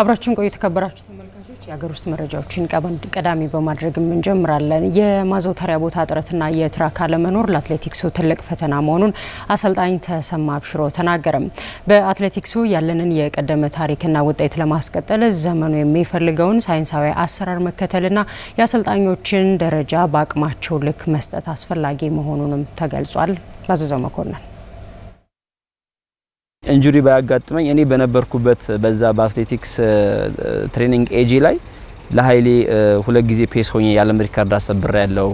አብራችሁን ቆዩ የተከበራችሁ ተመልካቾች። የሀገር ውስጥ መረጃዎችን ቀዳሚ በማድረግ እንጀምራለን። የማዘውተሪያ ቦታ እጥረትና የትራክ አለመኖር ለአትሌቲክሱ ትልቅ ፈተና መሆኑን አሰልጣኝ ተሰማ አብሽሮ ተናገረም። በአትሌቲክሱ ያለንን የቀደመ ታሪክና ውጤት ለማስቀጠል ዘመኑ የሚፈልገውን ሳይንሳዊ አሰራር መከተልና የአሰልጣኞችን ደረጃ በአቅማቸው ልክ መስጠት አስፈላጊ መሆኑንም ተገልጿል። ባዘዘው መኮንን እንጁሪ ባያጋጥመኝ እኔ በነበርኩበት በዛ በአትሌቲክስ ትሬኒንግ ኤጂ ላይ ለሀይሌ ሁለት ጊዜ ፔስ ሆኜ የዓለም ሪካርድ አሰብሬ ያለው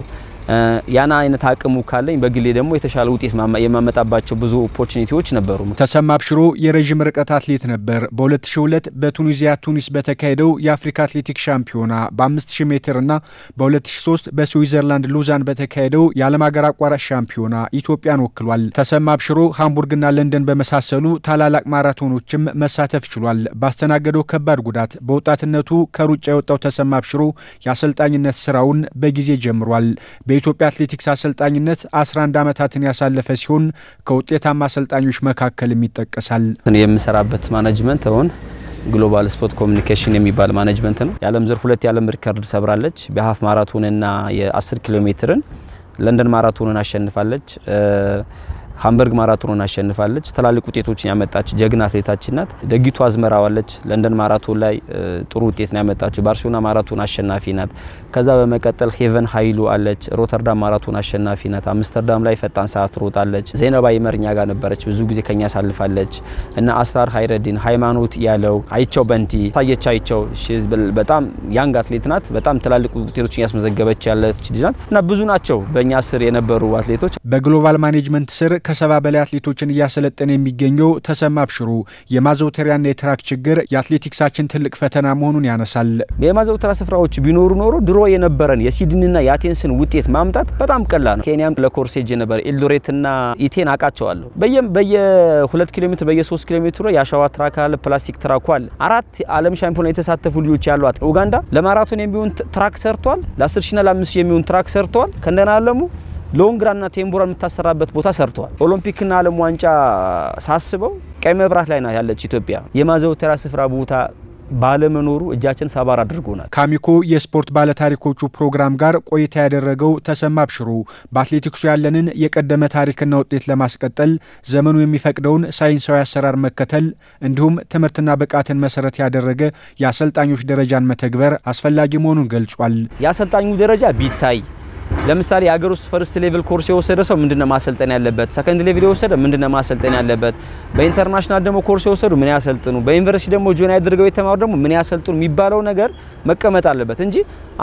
ያን አይነት አቅሙ ካለኝ በግሌ ደግሞ የተሻለ ውጤት የማመጣባቸው ብዙ ኦፖርቹኒቲዎች ነበሩ። ተሰማ አብሽሮ የረዥም ርቀት አትሌት ነበር። በ2002 በቱኒዚያ ቱኒስ በተካሄደው የአፍሪካ አትሌቲክ ሻምፒዮና በ5000 ሜትር እና በ2003 በስዊዘርላንድ ሉዛን በተካሄደው የዓለም ሀገር አቋራጭ ሻምፒዮና ኢትዮጵያን ወክሏል። ተሰማ ሃምቡርግ ሃምቡርግና ለንደን በመሳሰሉ ታላላቅ ማራቶኖችም መሳተፍ ችሏል። ባስተናገደው ከባድ ጉዳት በወጣትነቱ ከሩጫ የወጣው ተሰማ አብሽሮ የአሰልጣኝነት ስራውን በጊዜ ጀምሯል። በኢትዮጵያ አትሌቲክስ አሰልጣኝነት 11 ዓመታትን ያሳለፈ ሲሆን ከውጤታማ አሰልጣኞች መካከልም ይጠቀሳል። የምሰራበት ማናጅመንት አሁን ግሎባል ስፖርት ኮሚኒኬሽን የሚባል ማናጅመንት ነው። የዓለም ዘር ሁለት የዓለም ሪከርድ ሰብራለች። በሀፍ ማራቶንና የ10 ኪሎ ሜትርን ለንደን ማራቶንን አሸንፋለች። ሃምበርግ ማራቶንን አሸንፋለች። ትላልቅ ውጤቶችን ያመጣች ጀግና አትሌታችን ናት። ደጊቱ አዝመራዋለች። ለንደን ማራቶን ላይ ጥሩ ውጤት ነው ያመጣችው። ባርሴሎና ማራቶን አሸናፊ ናት። ከዛ በመቀጠል ሄቨን ሀይሉ አለች። ሮተርዳም ማራቶን አሸናፊ ናት። አምስተርዳም ላይ ፈጣን ሰዓት ትሮጣለች ዜናባ ይመርኛ ጋር ነበረች። ብዙ ጊዜ ከኛ ሳልፋለች እና አስራር ሀይረዲን፣ ሃይማኖት ያለው፣ አይቸው በንቲ፣ ታየች አይቸው በጣም ያንግ አትሌት ናት። በጣም ትላልቅ ውጤቶችን ያስመዘገበች ያለች ልጅ ናት እና ብዙ ናቸው በእኛ ስር የነበሩ አትሌቶች በግሎባል ማኔጅመንት ስር ከሰባ በላይ አትሌቶችን እያሰለጠነ የሚገኘው ተሰማ አብሽሩ የማዘውተሪያና የትራክ ችግር የአትሌቲክሳችን ትልቅ ፈተና መሆኑን ያነሳል። የማዘውተሪያ ስፍራዎች ቢኖሩ ኖሮ ድሮ የነበረን የሲድኒና የአቴንስን ውጤት ማምጣት በጣም ቀላል ነው። ኬንያም ለኮርሴጅ ነበር፣ ኤልዶሬትና ኢቴን አውቃቸዋለሁ። በየም በየ2 ኪሎ ሜትር በየ ኪሎ ሜትሩ የአሸዋ ትራክ አለ፣ ፕላስቲክ ትራኩ አለ። አራት ዓለም ሻምፒዮና የተሳተፉ ልጆች ያሏት ኡጋንዳ ለማራቶን የሚሆን ትራክ ሰርቷል። ለ10 ሺና ለ5 የሚሆን ትራክ ሰርቷል። ከእንደና አለሙ ሎንግራና ቴምቦራ የምታሰራበት ቦታ ሰርተዋል። ኦሎምፒክና ዓለም ዋንጫ ሳስበው ቀይ መብራት ላይ ናት ያለች ኢትዮጵያ። የማዘውተሪያ ስፍራ ቦታ ባለመኖሩ እጃችን ሳባር አድርጎናል። ካሚኮ የስፖርት ባለታሪኮቹ ፕሮግራም ጋር ቆይታ ያደረገው ተሰማ አብሽሩ በአትሌቲክሱ ያለንን የቀደመ ታሪክና ውጤት ለማስቀጠል ዘመኑ የሚፈቅደውን ሳይንሳዊ አሰራር መከተል እንዲሁም ትምህርትና ብቃትን መሰረት ያደረገ የአሰልጣኞች ደረጃን መተግበር አስፈላጊ መሆኑን ገልጿል። የአሰልጣኙ ደረጃ ቢታይ ለምሳሌ የሀገር ውስጥ ፈርስት ሌቭል ኮርስ የወሰደ ሰው ምንድነው ማሰልጠን ያለበት? ሰከንድ ሌቭል የወሰደ ምንድነው ማሰልጠን ያለበት? በኢንተርናሽናል ደግሞ ኮርስ የወሰዱ ምን ያሰልጥኑ፣ በዩኒቨርሲቲ ደግሞ ጆን ያድርገው የተማሩ ደግሞ ምን ያሰልጥኑ የሚባለው ነገር መቀመጥ አለበት እንጂ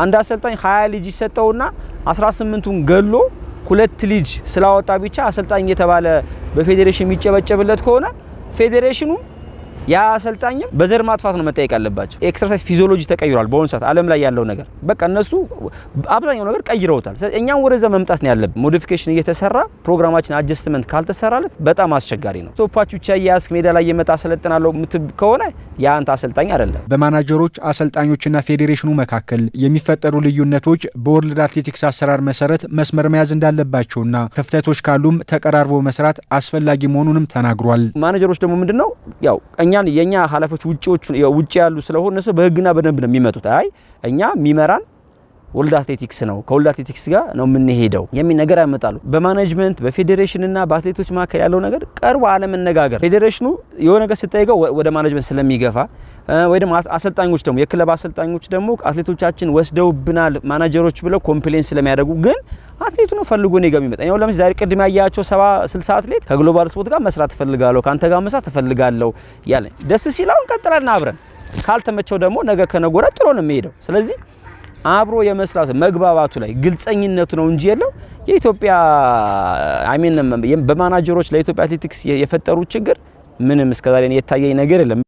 አንድ አሰልጣኝ 20 ልጅ ይሰጠውና 18ቱን ገሎ ሁለት ልጅ ስላወጣ ብቻ አሰልጣኝ የተባለ በፌዴሬሽን የሚጨበጨብለት ከሆነ ፌዴሬሽኑ ያ አሰልጣኝም በዘር ማጥፋት ነው መጠየቅ ያለባቸው። ኤክሰርሳይዝ ፊዚዮሎጂ ተቀይሯል። በአሁኑ ሰዓት ዓለም ላይ ያለው ነገር በቃ እነሱ አብዛኛው ነገር ቀይረውታል። እኛም ወደዛ መምጣት ነው ያለብን። ሞዲፊኬሽን እየተሰራ ፕሮግራማችን አጀስትመንት ካልተሰራለት በጣም አስቸጋሪ ነው። ቶፓች ብቻ የያዝክ ሜዳ ላይ የመጣ አሰለጥናለሁ ምትብ ከሆነ የአንተ አሰልጣኝ አይደለም። በማናጀሮች አሰልጣኞችና ፌዴሬሽኑ መካከል የሚፈጠሩ ልዩነቶች በወርልድ አትሌቲክስ አሰራር መሰረት መስመር መያዝ እንዳለባቸውና ክፍተቶች ካሉም ተቀራርቦ መስራት አስፈላጊ መሆኑንም ተናግሯል። ማናጀሮች ደግሞ ምንድነው ያው እኛን የኛ ኃላፊዎች ውጪዎቹ ውጪ ያሉ ስለሆነ እነሱ በህግና በደንብ ነው የሚመጡት። አይ እኛ የሚመራን ወልድ አትሌቲክስ ነው። ከወልድ አትሌቲክስ ጋር ነው የምንሄደው የሚል ነገር ያመጣሉ። በማኔጅመንት በፌዴሬሽንና በአትሌቶች መካከል ያለው ነገር ቀርቦ አለመነጋገር፣ ፌዴሬሽኑ የሆነ ነገር ስጠይቀው ወደ ማኔጅመንት ስለሚገፋ ወይ ደግሞ አሰልጣኞች ደግሞ የክለብ አሰልጣኞች ደግሞ አትሌቶቻችን ወስደውብናል ማናጀሮች ብለው ኮምፕሌን ስለሚያደርጉ ግን አትሌቱ ነው ፈልጎ ነው የሚመጣ። ያው ለምሳሌ ዛሬ ቅድም ያያቸው 70 60 አትሌት ከግሎባል ስፖርት ጋር መስራት ትፈልጋለሁ፣ ካንተ ጋር መስራት ትፈልጋለሁ ያለ ደስ ሲል አሁን አብረን ካልተመቸው ደግሞ ነገ ከነጎረ ጥሎ ነው የሚሄደው ስለዚህ አብሮ የመስራት መግባባቱ ላይ ግልጸኝነቱ ነው እንጂ የለው የኢትዮጵያ አይሜን በማናጀሮች ለኢትዮጵያ አትሌቲክስ የፈጠሩት ችግር ምንም እስከዛሬ የታየኝ ነገር የለም።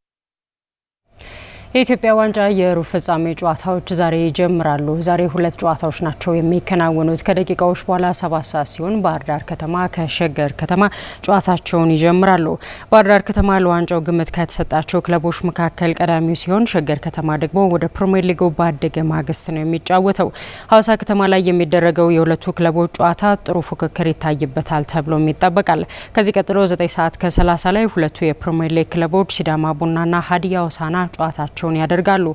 የኢትዮጵያ ዋንጫ የሩብ ፍጻሜ ጨዋታዎች ዛሬ ይጀምራሉ። ዛሬ ሁለት ጨዋታዎች ናቸው የሚከናወኑት። ከደቂቃዎች በኋላ ሰባት ሰዓት ሲሆን ባህር ዳር ከተማ ከሸገር ከተማ ጨዋታቸውን ይጀምራሉ። ባህር ዳር ከተማ ለዋንጫው ግምት ከተሰጣቸው ክለቦች መካከል ቀዳሚው ሲሆን፣ ሸገር ከተማ ደግሞ ወደ ፕሪሚየር ሊጉ ባደገ ማግስት ነው የሚጫወተው። ሀዋሳ ከተማ ላይ የሚደረገው የሁለቱ ክለቦች ጨዋታ ጥሩ ፉክክር ይታይበታል ተብሎም ይጠበቃል። ከዚህ ቀጥሎ 9 ሰዓት ከ30 ላይ ሁለቱ የፕሪሚየር ሊግ ክለቦች ሲዳማ ቡናና ሀዲያ ሆሳዕና ጨዋታቸው ቆይታቸውን ያደርጋሉ።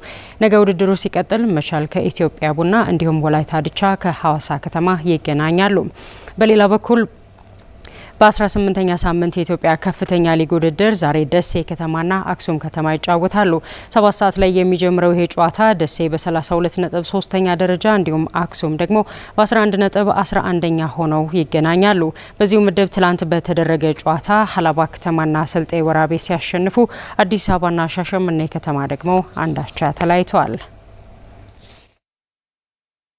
ነገ ውድድሩ ሲቀጥል መቻል ከኢትዮጵያ ቡና እንዲሁም ወላይታ ድቻ ከሐዋሳ ከተማ ይገናኛሉ። በሌላ በኩል በ18ኛ ሳምንት የኢትዮጵያ ከፍተኛ ሊግ ውድድር ዛሬ ደሴ ከተማና አክሱም ከተማ ይጫወታሉ። ሰባት ሰዓት ላይ የሚጀምረው ይሄ ጨዋታ ደሴ በ32 ነጥብ ሶስተኛ ደረጃ እንዲሁም አክሱም ደግሞ በ11 ነጥብ 11ኛ ሆነው ይገናኛሉ። በዚሁ ምድብ ትላንት በተደረገ ጨዋታ ሀላባ ከተማና ስልጤ ወራቤ ሲያሸንፉ፣ አዲስ አበባና ሻሸመኔ ከተማ ደግሞ አንዳቻ ተለያይተዋል።